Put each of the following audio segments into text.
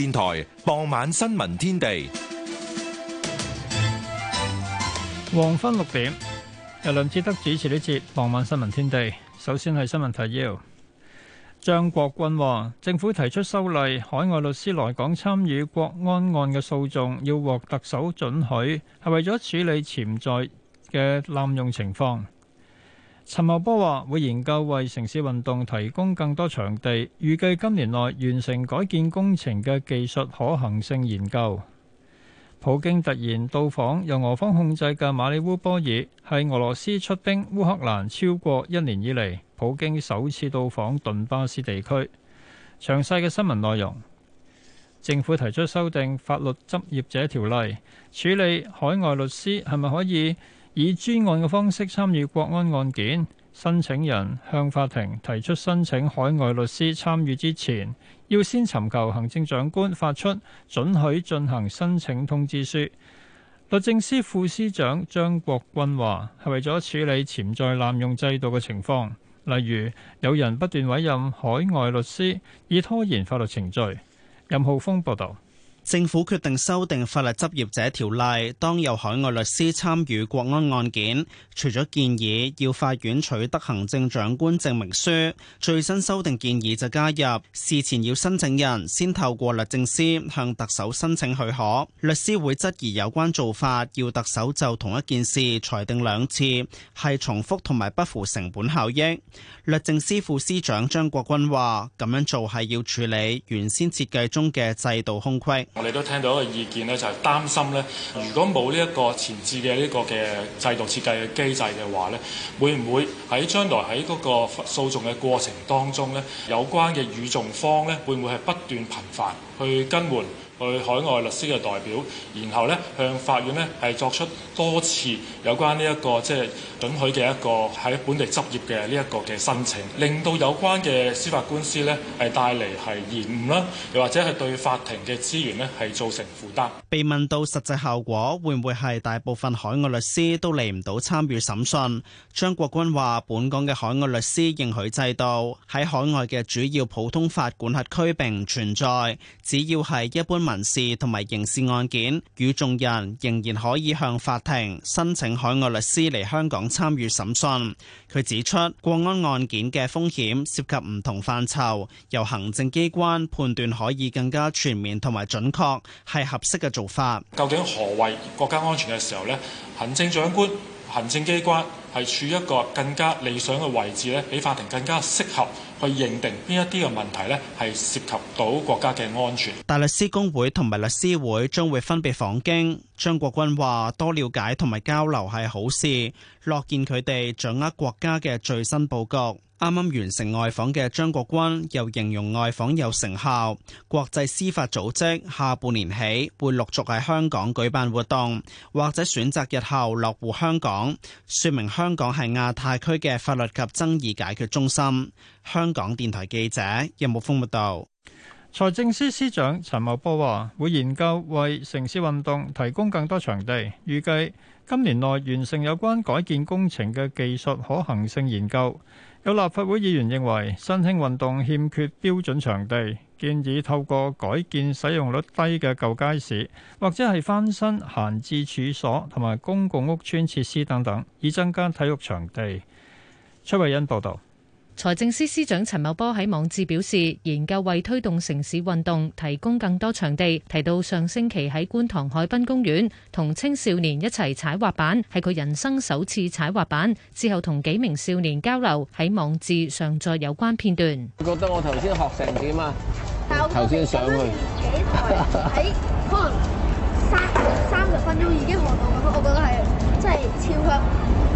電台傍晚新聞天地，黃昏六點由梁志德主持呢節傍晚新聞天地。首先係新聞提要，張國鈞話，政府提出修例，海外律師來港參與國安案嘅訴訟，要獲特首准許，係為咗處理潛在嘅濫用情況。陳茂波話：會研究為城市運動提供更多場地，預計今年內完成改建工程嘅技術可行性研究。普京突然到訪由俄方控制嘅馬里烏波爾，係俄羅斯出兵烏克蘭超過一年以嚟，普京首次到訪頓巴斯地區。詳細嘅新聞內容，政府提出修訂《法律執業者條例》，處理海外律師係咪可以以專案嘅方式參與國安案件，申請人向法庭提出申請海外律師參與之前，要先尋求行政長官發出准許進行申請通知書。律政司副司長張國鈞話：係為咗處理潛在濫用制度嘅情況，例如有人不斷委任海外律師以拖延法律程序。任浩峰報導。政府決定修訂法律執業者條例，當有海外律師參與國安案件，除咗建議要法院取得行政長官證明書，最新修訂建議就加入事前要申請人先透過律政司向特首申請許可。律師會質疑有關做法，要特首就同一件事裁定兩次，係重複同埋不符成本效益。律政司副司長張國鈞話，咁樣做係要處理原先設計中嘅制度空隙。我哋都聽到一個意見咧，就係擔心咧，如果冇呢一個前置嘅呢個嘅制度設計嘅機制嘅話咧，會唔會喺將來喺嗰個訴訟嘅過程當中咧，有關嘅與訟方咧，會唔會係不斷頻繁去更換？去海外律師嘅代表，然後咧向法院咧係作出多次有關呢、這個、一個即係准許嘅一個喺本地執業嘅呢一個嘅申請，令到有關嘅司法官司咧係帶嚟係延誤啦，又或者係對法庭嘅資源咧係造成負擔。被問到實際效果會唔會係大部分海外律師都嚟唔到參與審訊，張國鈞話本港嘅海外律師認許制度喺海外嘅主要普通法管轄區並唔存在，只要係一般。民事同埋刑事案件，與眾人仍然可以向法庭申請海外律師嚟香港參與審訊。佢指出，國安案件嘅風險涉及唔同範疇，由行政機關判斷可以更加全面同埋準確，係合適嘅做法。究竟何為國家安全嘅時候呢？行政長官、行政機關，係處一個更加理想嘅位置咧，比法庭更加適合去認定邊一啲嘅問題咧，係涉及到國家嘅安全。大律師公會同埋律師會將會分別訪京。張國鈞話：多了解同埋交流係好事，樂見佢哋掌握國家嘅最新佈局。啱啱完成外訪嘅張國軍又形容外訪有成效。國際司法組織下半年起會陸續喺香港舉辦活動，或者選擇日後落戶香港，說明香港係亞太區嘅法律及爭議解決中心。香港電台記者任木峰報道。財政司司長陳茂波話，會研究為城市運動提供更多場地，預計今年內完成有關改建工程嘅技術可行性研究。有立法會議員認為，新興運動欠缺標準場地，建議透過改建使用率低嘅舊街市，或者係翻新閒置處所同埋公共屋邨設施等等，以增加體育場地。崔慧欣報導。財政司司長陳茂波喺網誌表示，研究為推動城市運動提供更多場地。提到上星期喺觀塘海濱公園同青少年一齊踩滑板，係佢人生首次踩滑板，之後同幾名少年交流。喺網誌上載有關片段。你覺得我頭先學成點啊？頭先上去，喺 可能三十分鐘已經學到，我覺得係真係超香。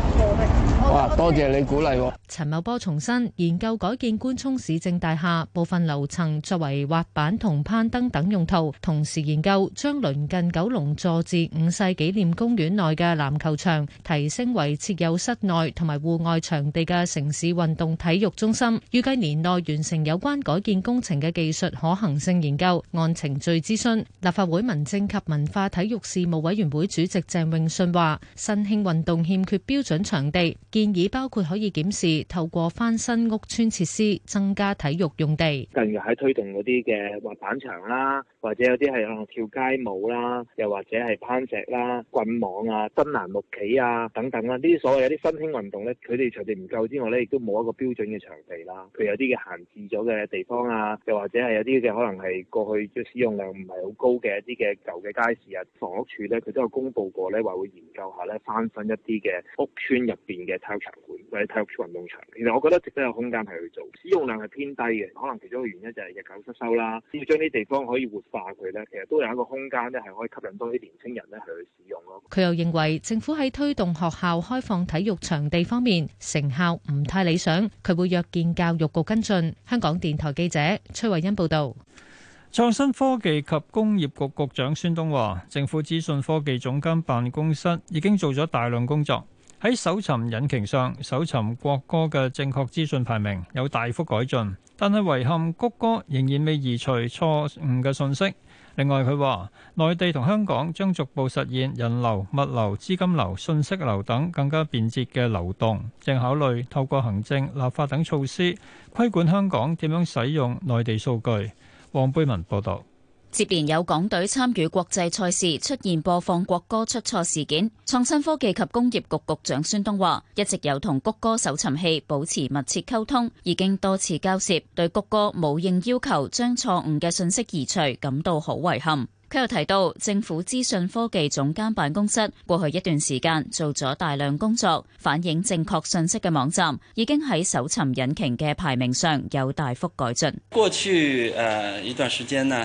哇！多謝你鼓勵。陳茂波重申，研究改建官涌市政大廈部分樓層作為滑板同攀登等用途，同時研究將鄰近九龍佐治五世紀念公園內嘅籃球場提升為設有室內同埋戶外場地嘅城市運動體育中心。預計年內完成有關改建工程嘅技術可行性研究，按程序諮詢立法會民政及文化體育事務委員會主席鄭泳舜話：新興運動欠缺標準。場地建議包括可以檢視透過翻新屋邨設施，增加體育用地。例如喺推動嗰啲嘅滑板場啦，或者有啲係可能跳街舞啦，又或者係攀石啦、棍網啊、真難木企啊等等啦。呢啲所謂有啲新興運動咧，佢哋場地唔夠之外咧，亦都冇一個標準嘅場地啦。佢有啲嘅閒置咗嘅地方啊，又或者係有啲嘅可能係過去嘅使用量唔係好高嘅一啲嘅舊嘅街市啊、房屋署咧，佢都有公布過咧話會研究下咧翻新一啲嘅屋邨。入邊嘅體育場館或者體育區運動場，其實我覺得值得有空間係去做。使用量係偏低嘅，可能其中嘅原因就係日久失修啦。要將呢地方可以活化佢咧，其實都有一個空間咧，係可以吸引多啲年輕人咧係去使用咯。佢又認為政府喺推動學校開放體育場地方面成效唔太理想，佢會約見教育局跟進。香港電台記者崔慧欣報道。創新科技及工業局局長孫東話，政府資訊科技總監辦公室已經做咗大量工作。喺搜尋引擎上，搜尋國歌嘅正確資訊排名有大幅改進，但係遺憾谷歌仍然未移除錯誤嘅信息。另外，佢話內地同香港將逐步實現人流、物流、資金流、信息流等更加便捷嘅流動，正考慮透過行政、立法等措施規管香港點樣使用內地數據。黃貝文報道。接連有港隊參與國際賽事出現播放國歌出錯事件，創新科技及工業局局長孫東話，一直有同谷歌搜尋器保持密切溝通，已經多次交涉，對谷歌冇應要求將錯誤嘅信息移除，感到好遺憾。佢又提到，政府資訊科技總監辦公室過去一段時間做咗大量工作，反映正確信息嘅網站已經喺搜尋引擎嘅排名上有大幅改進。過去誒一段時間呢？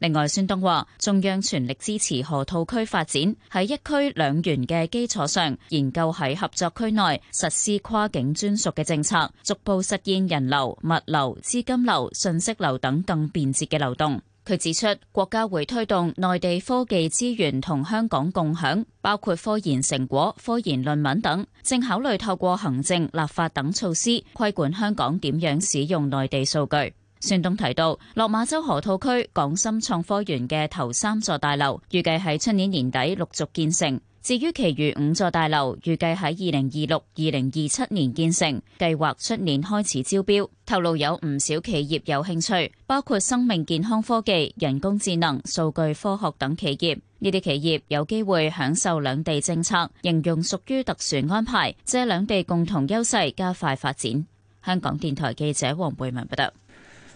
另外宣，孫東話中央全力支持河套區發展，喺一區兩園嘅基礎上，研究喺合作區內實施跨境專屬嘅政策，逐步實現人流、物流、資金流、信息流等更便捷嘅流動。佢指出，國家會推動內地科技資源同香港共享，包括科研成果、科研論文等，正考慮透過行政、立法等措施規管香港點樣使用內地數據。孫東提到，落馬洲河套區港深創科園嘅頭三座大樓預計喺出年年底陸續建成，至於其餘五座大樓預計喺二零二六、二零二七年建成，計劃出年開始招標。透露有唔少企業有興趣，包括生命健康科技、人工智能、數據科學等企業。呢啲企業有機會享受兩地政策，形容屬於特殊安排，借兩地共同優勢加快發展。香港電台記者黃貝文報道。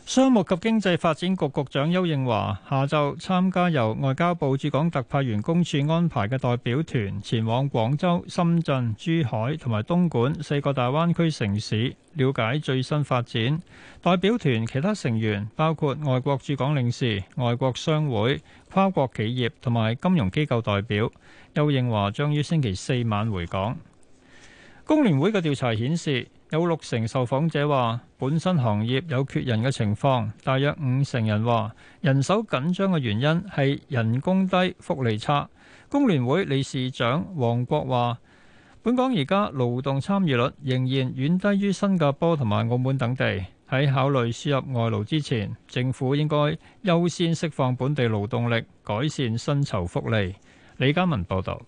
商務及經濟發展局局長邱應華下晝參加由外交部駐港特派員公署安排嘅代表團前往廣州、深圳、珠海同埋東莞四個大灣區城市了解最新發展。代表團其他成員包括外國駐港領事、外國商會、跨國企業同埋金融機構代表。邱應華將於星期四晚回港。工聯會嘅調查顯示。有六成受訪者話本身行業有缺人嘅情況，大約五成人話人手緊張嘅原因係人工低、福利差。工聯會理事長黃國話：本港而家勞動參與率仍然遠低於新加坡同埋澳門等地。喺考慮輸入外勞之前，政府應該優先釋放本地勞動力，改善薪酬福利。李嘉文報導。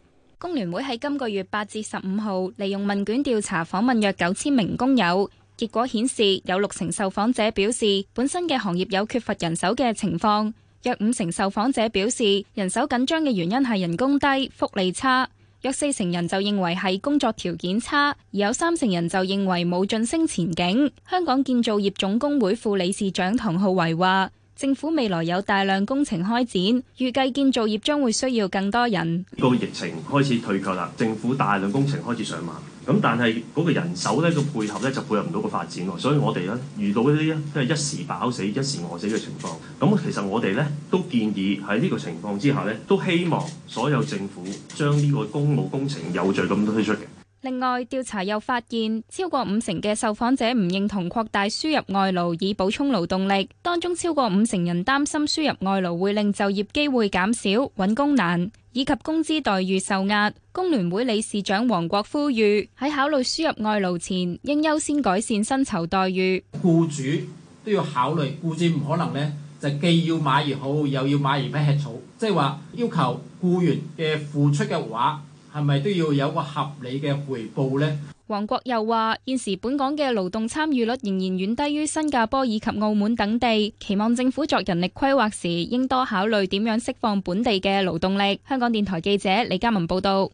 工聯會喺今個月八至十五號利用問卷調查訪問約九千名工友，結果顯示有六成受訪者表示本身嘅行業有缺乏人手嘅情況，約五成受訪者表示人手緊張嘅原因係人工低、福利差，約四成人就認為係工作條件差，而有三成人就認為冇晉升前景。香港建造業總工會副理事長唐浩維話。政府未來有大量工程開展，預計建造業將會需要更多人。呢個疫情開始退卻啦，政府大量工程開始上馬，咁但係嗰個人手咧，個背後咧就配合唔到個發展，所以我哋咧遇到一啲即係一時飽死、一時餓死嘅情況。咁其實我哋咧都建議喺呢個情況之下咧，都希望所有政府將呢個工務工程有序咁推出嘅。另外，調查又發現，超過五成嘅受訪者唔認同擴大輸入外勞以補充勞動力，當中超過五成人擔心輸入外勞會令就業機會減少、揾工難以及工資待遇受壓。工聯會理事長黃國呼籲喺考慮輸入外勞前，應優先改善薪酬待遇。僱主都要考慮，僱主唔可能呢，就既要馬兒好，又要馬兒唔吃草，即係話要求僱員嘅付出嘅話。係咪都要有個合理嘅回報呢？黃國又話：現時本港嘅勞動參與率仍然遠低於新加坡以及澳門等地，期望政府作人力規劃時，應多考慮點樣釋放本地嘅勞動力。香港電台記者李嘉文報道。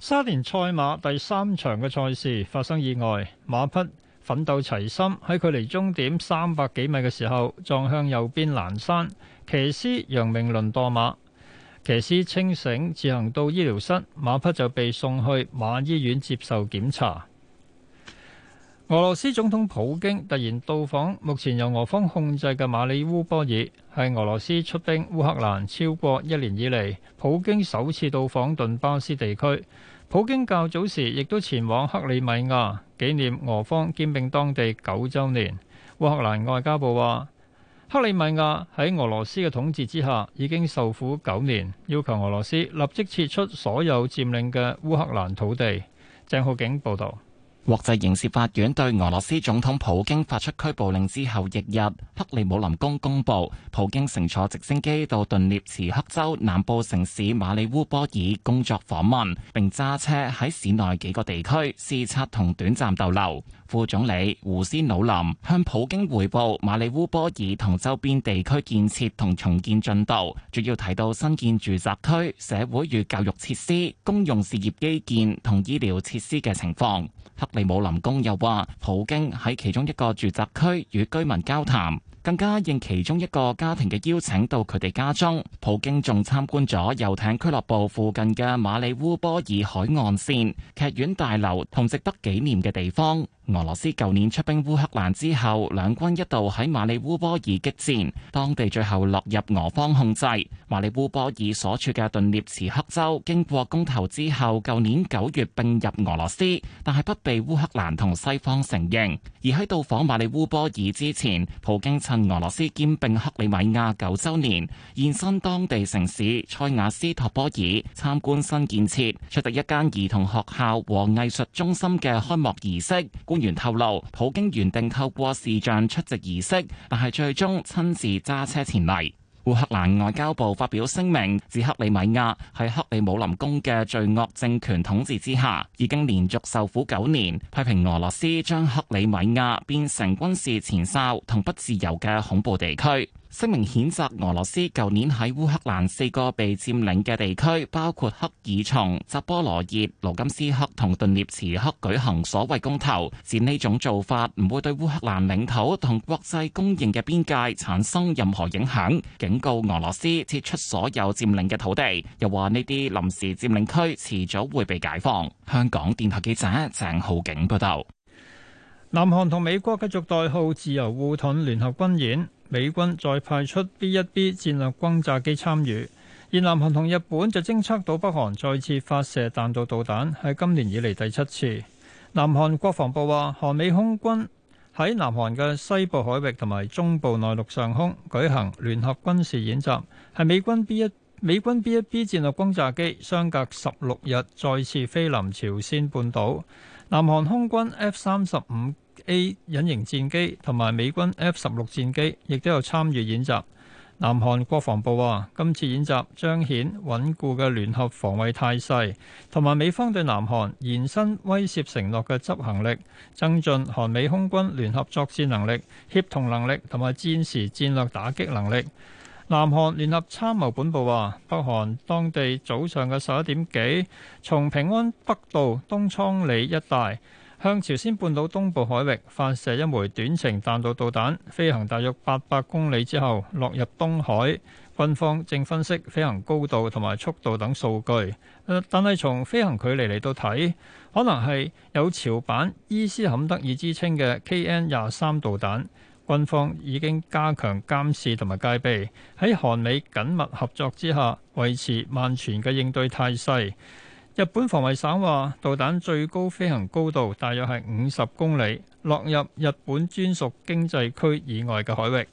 沙田賽馬第三場嘅賽事發生意外，馬匹奮鬥齊心喺距離終點三百幾米嘅時候撞向右邊欄山，騎師楊明倫墮馬。騎師清醒自行到醫療室，馬匹就被送去馬醫院接受檢查。俄羅斯總統普京突然到訪，目前由俄方控制嘅馬里烏波爾，係俄羅斯出兵烏克蘭超過一年以嚟，普京首次到訪頓巴斯地區。普京較早時亦都前往克里米亞紀念俄方兼併當地九週年。烏克蘭外交部話。克里米亞喺俄羅斯嘅統治之下已經受苦九年，要求俄羅斯立即撤出所有佔領嘅烏克蘭土地。鄭浩景報導。國際刑事法院對俄羅斯總統普京發出拘捕令之後，翌日，日克里姆林宮公布，普京乘坐直升機到頓涅茨克州南部城市馬里烏波爾工作訪問，並揸車喺市內幾個地區視察同短暫逗留。副總理胡斯努林向普京匯報馬里烏波爾同周邊地區建設同重建進度，主要提到新建住宅區、社會與教育設施、公用事業基建同醫療設施嘅情況。克里姆林宮又話，普京喺其中一個住宅區與居民交談。更加應其中一個家庭嘅邀請到佢哋家中，普京仲參觀咗遊艇俱樂部附近嘅馬里烏波爾海岸線、劇院大樓同值得紀念嘅地方。俄羅斯舊年出兵烏克蘭之後，兩軍一度喺馬里烏波爾激戰，當地最後落入俄方控制。馬里烏波爾所處嘅頓涅茨克州經過公投之後，舊年九月並入俄羅斯，但係不被烏克蘭同西方承認。而喺到訪馬里烏波爾之前，普京俄羅斯兼併克里米亞九周年，現身當地城市塞瓦斯托波爾參觀新建設，出席一間兒童學校和藝術中心嘅開幕儀式。官員透露，普京原定透過視像出席儀式，但係最終親自揸車前嚟。烏克蘭外交部發表聲明，指克里米亞喺克里姆林宮嘅罪惡政權統治之下，已經連續受苦九年，批評俄羅斯將克里米亞變成軍事前哨同不自由嘅恐怖地區。聲明譴責俄羅斯舊年喺烏克蘭四個被佔領嘅地區，包括克爾松、扎波羅熱、盧甘斯克同頓涅茨克舉行所謂公投，指呢種做法唔會對烏克蘭領土同國際公認嘅邊界產生任何影響，警告俄羅斯撤出所有佔領嘅土地，又話呢啲臨時佔領區遲早會被解放。香港電台記者鄭浩景報道，南韓同美國繼續代號「自由護盾」聯合軍演。美軍再派出 B 一 B 戰略轟炸機參與，而南韓同日本就偵測到北韓再次發射彈道導彈，係今年以嚟第七次。南韓國防部話，韓美空軍喺南韓嘅西部海域同埋中部內陸上空舉行聯合軍事演習，係美軍 B 一，美軍 B 一 B 戰略轟炸機相隔十六日再次飛臨朝鮮半島。南韓空軍 F 三十五 A 隱形戰機同埋美軍 F 十六戰機亦都有參與演習。南韓國防部話：今次演習彰顯穩固嘅聯合防衛態勢，同埋美方對南韓延伸威懾承諾嘅執行力，增進韓美空軍聯合作戰能力、協同能力同埋戰時戰略打擊能力。南韓聯合參謀本部話，北韓當地早上嘅十一點幾，從平安北道東倉里一帶向朝鮮半島東部海域發射一枚短程彈道導彈，飛行大約八百公里之後落入東海。軍方正分析飛行高度同埋速度等數據。呃，但係從飛行距離嚟到睇，可能係有朝版伊斯坎德爾之稱嘅 KN 廿三導彈。軍方已經加強監視同埋戒備，喺韓美緊密合作之下，維持萬全嘅應對態勢。日本防衛省話，導彈最高飛行高度大約係五十公里，落入日本專屬經濟區以外嘅海域。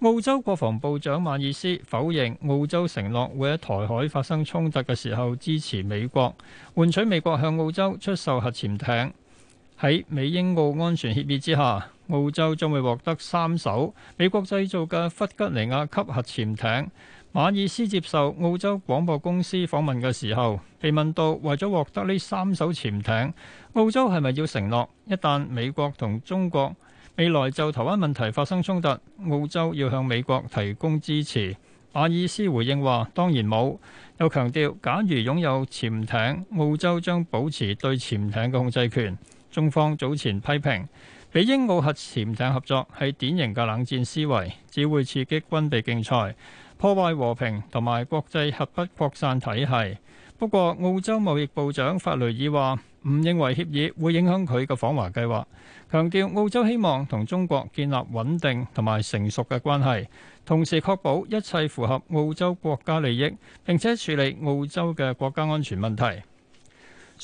澳洲國防部長馬爾斯否認澳洲承諾會喺台海發生衝突嘅時候支持美國，換取美國向澳洲出售核潛艇。喺美英澳安全協議之下，澳洲將會獲得三艘美國製造嘅弗吉尼亞級核潛艇。馬爾斯接受澳洲廣播公司訪問嘅時候，被問到為咗獲得呢三艘潛艇，澳洲係咪要承諾，一旦美國同中國未來就台灣問題發生衝突，澳洲要向美國提供支持？馬爾斯回應話：當然冇，又強調，假如擁有潛艇，澳洲將保持對潛艇嘅控制權。中方早前批評。美英澳核潛艇合作係典型嘅冷戰思維，只會刺激軍備競賽，破壞和平同埋國際核不擴散體系。不過澳洲貿易部長法雷爾話唔認為協議會影響佢嘅訪華計劃，強調澳洲希望同中國建立穩定同埋成熟嘅關係，同時確保一切符合澳洲國家利益，並且處理澳洲嘅國家安全問題。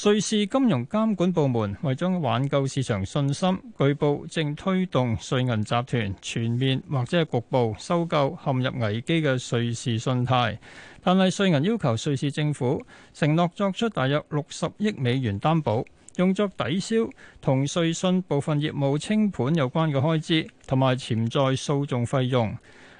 瑞士金融監管部門為咗挽救市場信心，據報正推動瑞銀集團全面或者係局部收購陷入危機嘅瑞士信貸，但係瑞銀要求瑞士政府承諾作出大約六十億美元擔保，用作抵消同瑞信部分業務清盤有關嘅開支同埋潛在訴訟費用。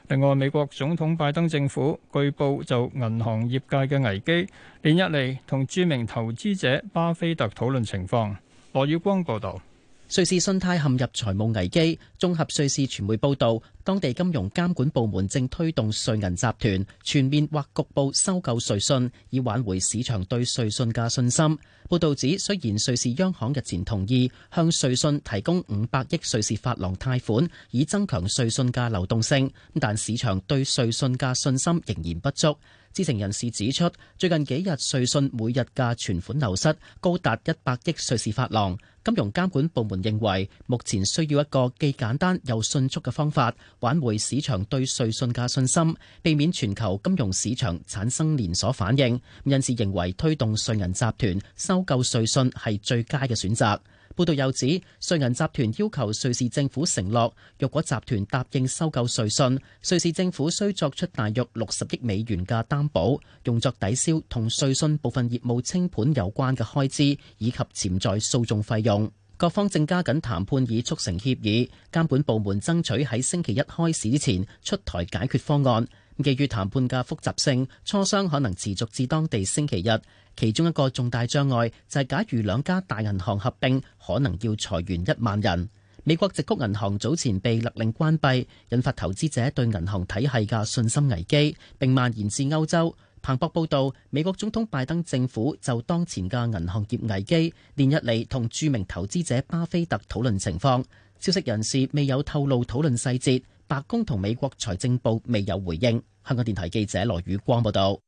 另外，美國總統拜登政府據報就銀行業界嘅危機，連日嚟同著名投資者巴菲特討論情況。羅宇光報道。瑞士信貸陷入財務危機。綜合瑞士傳媒報道，當地金融監管部門正推動瑞銀集團全面或局部收購瑞信，以挽回市場對瑞信嘅信心。報道指，雖然瑞士央行日前同意向瑞信提供五百億瑞士法郎貸款，以增強瑞信嘅流動性，但市場對瑞信嘅信心仍然不足。知情人士指出，最近幾日瑞信每日嘅存款流失高達一百億瑞士法郎。金融監管部門認為目前需要一個既簡單又迅速嘅方法，挽回市場對瑞信嘅信心，避免全球金融市場產生連鎖反應，因此認為推動瑞銀集團收購瑞信係最佳嘅選擇。報導又指，瑞銀集團要求瑞士政府承諾，若果集團答應收購瑞信，瑞士政府須作出大約六十億美元嘅擔保，用作抵消同瑞信部分業務清盤有關嘅開支以及潛在訴訟費用。各方正加緊談判，以促成協議。監管部門爭取喺星期一開始前出台解決方案。基於談判嘅複雜性，磋商可能持續至當地星期日。其中一個重大障礙就係，假如兩家大銀行合併，可能要裁員一萬人。美國矽谷銀行早前被勒令關閉，引發投資者對銀行體系嘅信心危機，並蔓延至歐洲。彭博報道，美國總統拜登政府就當前嘅銀行業危機，連日嚟同著名投資者巴菲特討論情況。消息人士未有透露討論細節。白宮同美國財政部未有回應。香港電台記者羅宇光報道：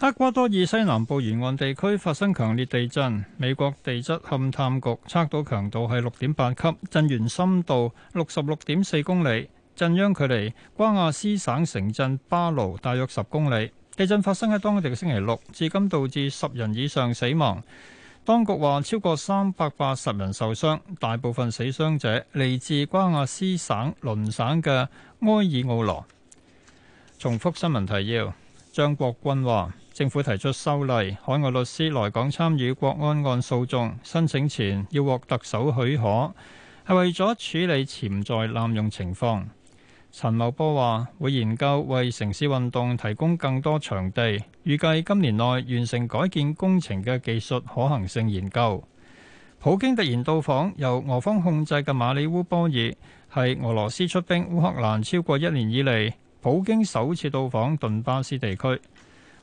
厄瓜多爾西南部沿岸地區發生強烈地震，美國地質勘探局測到強度係六點八級，震源深度六十六點四公里，震央距離瓜亞斯省城鎮巴勞大約十公里。地震發生喺當地嘅星期六，至今導致十人以上死亡。當局話超過三百八十人受傷，大部分死傷者嚟自瓜亞斯省鄰省嘅埃爾奧羅。重複新聞提要：張國軍話，政府提出修例，海外律師來港參與國安案訴訟，申請前要獲特首許可，係為咗處理潛在濫用情況。陳茂波話：會研究為城市運動提供更多場地，預計今年內完成改建工程嘅技術可行性研究。普京突然到訪由俄方控制嘅馬里烏波爾，係俄羅斯出兵烏克蘭超過一年以嚟，普京首次到訪頓巴斯地區。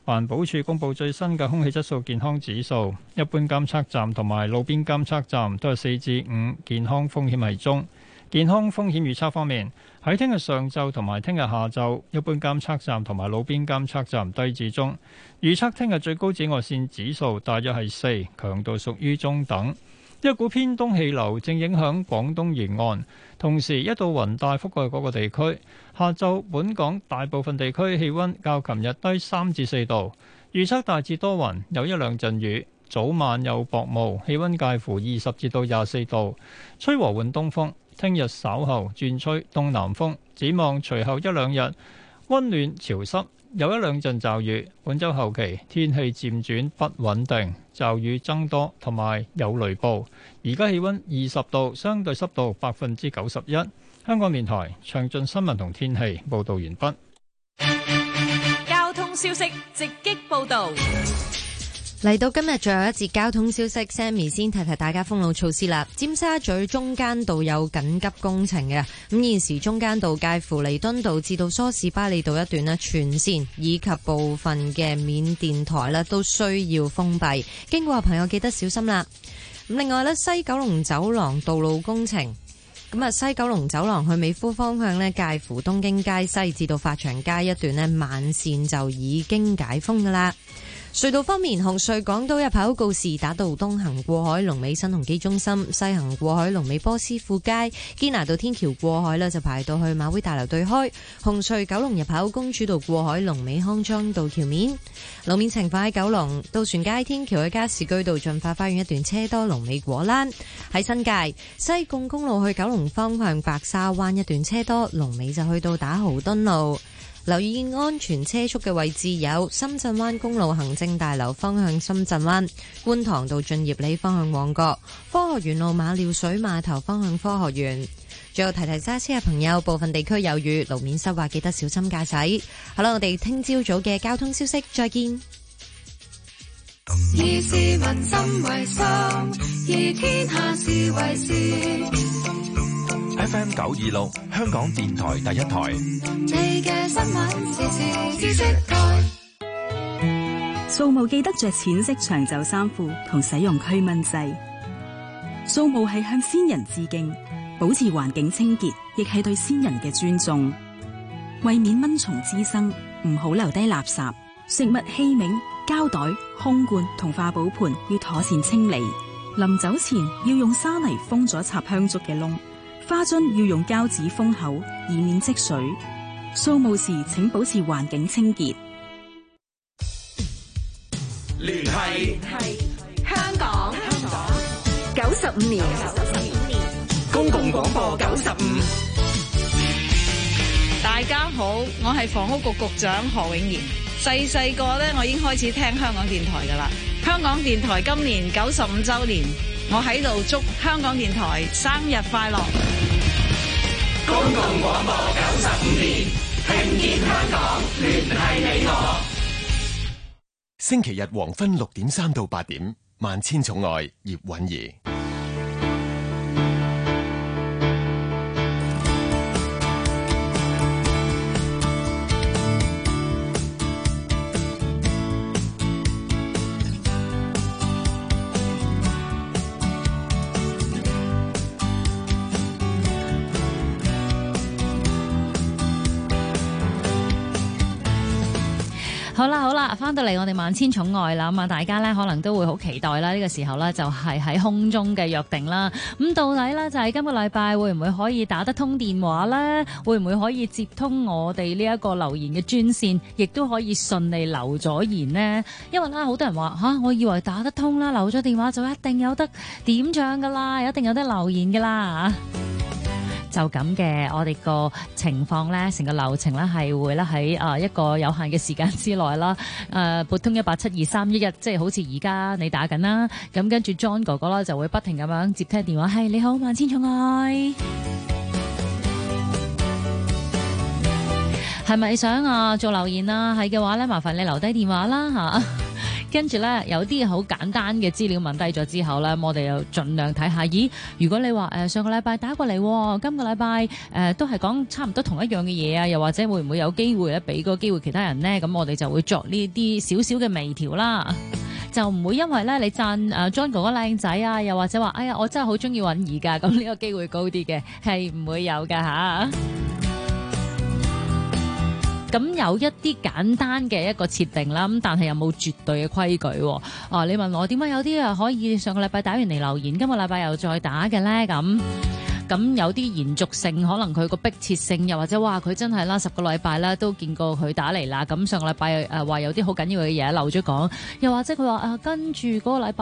環保署公佈最新嘅空氣質素健康指數，一般監測站同埋路邊監測站都係四至五，5，健康風險係中。健康風險預測方面，喺聽日上晝同埋聽日下晝一般監測站同埋路邊監測站低至中。預測聽日最高紫外線指數大約係四，強度屬於中等。一股偏東氣流正影響廣東沿岸，同時一道雲帶覆蓋嗰個地區，下晝本港大部分地區氣溫較琴日低三至四度，預測大致多雲有一兩陣雨，早晚有薄霧氣溫介乎二十至到廿四度，吹和緩東風。聽日稍後轉吹東南風，展望隨後一兩日溫暖潮濕，有一兩陣驟雨。本周後期天氣漸轉不穩定，驟雨增多，同埋有雷暴。而家氣溫二十度，相對濕度百分之九十一。香港電台詳盡新聞同天氣報道完畢。交通消息直擊報道。嚟到今日最後一節交通消息，Sammy 先提提大家封路措施啦。尖沙咀中間道有緊急工程嘅，咁現時中間道介乎彌敦道至到梳士巴利道一段咧，全線以及部分嘅緬甸台咧都需要封閉，經過嘅朋友記得小心啦。咁另外咧，西九龍走廊道路工程，咁啊西九龍走廊去美孚方向咧，介乎東京街西至到發祥街一段咧，慢線就已經解封噶啦。隧道方面，紅隧港島入口告士打道東行過海，龍尾新鴻基中心；西行過海，龍尾波斯富街。堅拿道天橋過海啦，就排到去馬會大樓對開。紅隧九龍入口公主道過海，龍尾康莊道橋面。路面情況，喺九龍渡船街天橋去加士居道駿發花園一段車多，龍尾果欄。喺新界西貢公路去九龍方向白沙灣一段車多，龍尾就去到打豪敦路。留意安全車速嘅位置，有深圳灣公路行政大樓方向深圳灣、觀塘道駿業里方向旺角、科學園路馬料水碼頭方向科學園。最後提提揸車嘅朋友，部分地區有雨，路面濕滑，記得小心駕駛。好啦，我哋聽朝早嘅交通消息，再見。以市民心為心，以天下事為事。F.M. 九二六，香港電台第一台。掃墓記得着淺色長袖衫褲，同使用驅蚊劑。掃墓係向先人致敬，保持環境清潔，亦係對先人嘅尊重。為免蚊蟲滋生，唔好留低垃圾、食物器皿、膠袋、空罐同化寶盤，要妥善清理。臨走前要用沙泥封咗插香燭嘅窿。花樽要用膠紙封口，以免積水。掃墓時請保持環境清潔。聯繫，聯繫香港九十五年，年公共廣播九十五。大家好，我係房屋局局長何永賢。細細個咧，我已經開始聽香港電台㗎喇。香港電台今年九十五周年。我喺度祝香港電台生日快樂！公共廣播九十五年，聽見香港，聯繫你我。星期日黃昏六點三到八點，萬千寵愛葉蘊儀。好啦好啦，翻到嚟我哋萬千寵愛啦，咁啊大家咧可能都會好期待啦，呢個時候咧就係喺空中嘅約定啦。咁到底咧就係今個禮拜會唔會可以打得通電話咧？會唔會可以接通我哋呢一個留言嘅專線，亦都可以順利留咗言呢？因為咧好多人話吓，我以為打得通啦，留咗電話就一定有得點唱噶啦，一定有得留言噶啦。就咁嘅，我哋個情況咧，成個流程咧係會咧喺誒一個有限嘅時間之內啦。誒、呃，撥通一八七二三一一，即係好似而家你打緊啦。咁跟住 John 哥哥啦，就會不停咁樣接聽電話。係、hey, 你好，萬千寵愛。係咪 想啊做留言啊？係嘅話咧，麻煩你留低電話啦吓。 跟住咧，有啲好簡單嘅資料問低咗之後咧，我哋又盡量睇下，咦？如果你話誒、呃、上個禮拜打過嚟，今個禮拜誒都係講差唔多同一樣嘅嘢啊，又或者會唔會有機會咧俾個機會其他人咧？咁我哋就會作呢啲少少嘅微調啦， 就唔會因為咧你讚誒 John 哥哥靚仔啊，又或者話哎呀，我真係好中意尹儀噶，咁呢個機會高啲嘅，係唔會有噶嚇。啊。咁有一啲簡單嘅一個設定啦，咁但係又冇絕對嘅規矩。啊，你問我點解有啲啊可以上個禮拜打完嚟留言，今個禮拜又再打嘅咧？咁咁有啲延續性，可能佢個迫切性，又或者哇佢真係啦，十個禮拜啦都見過佢打嚟啦。咁上個禮拜誒話、呃、有啲好緊要嘅嘢漏咗講，又或者佢話啊跟住個禮拜。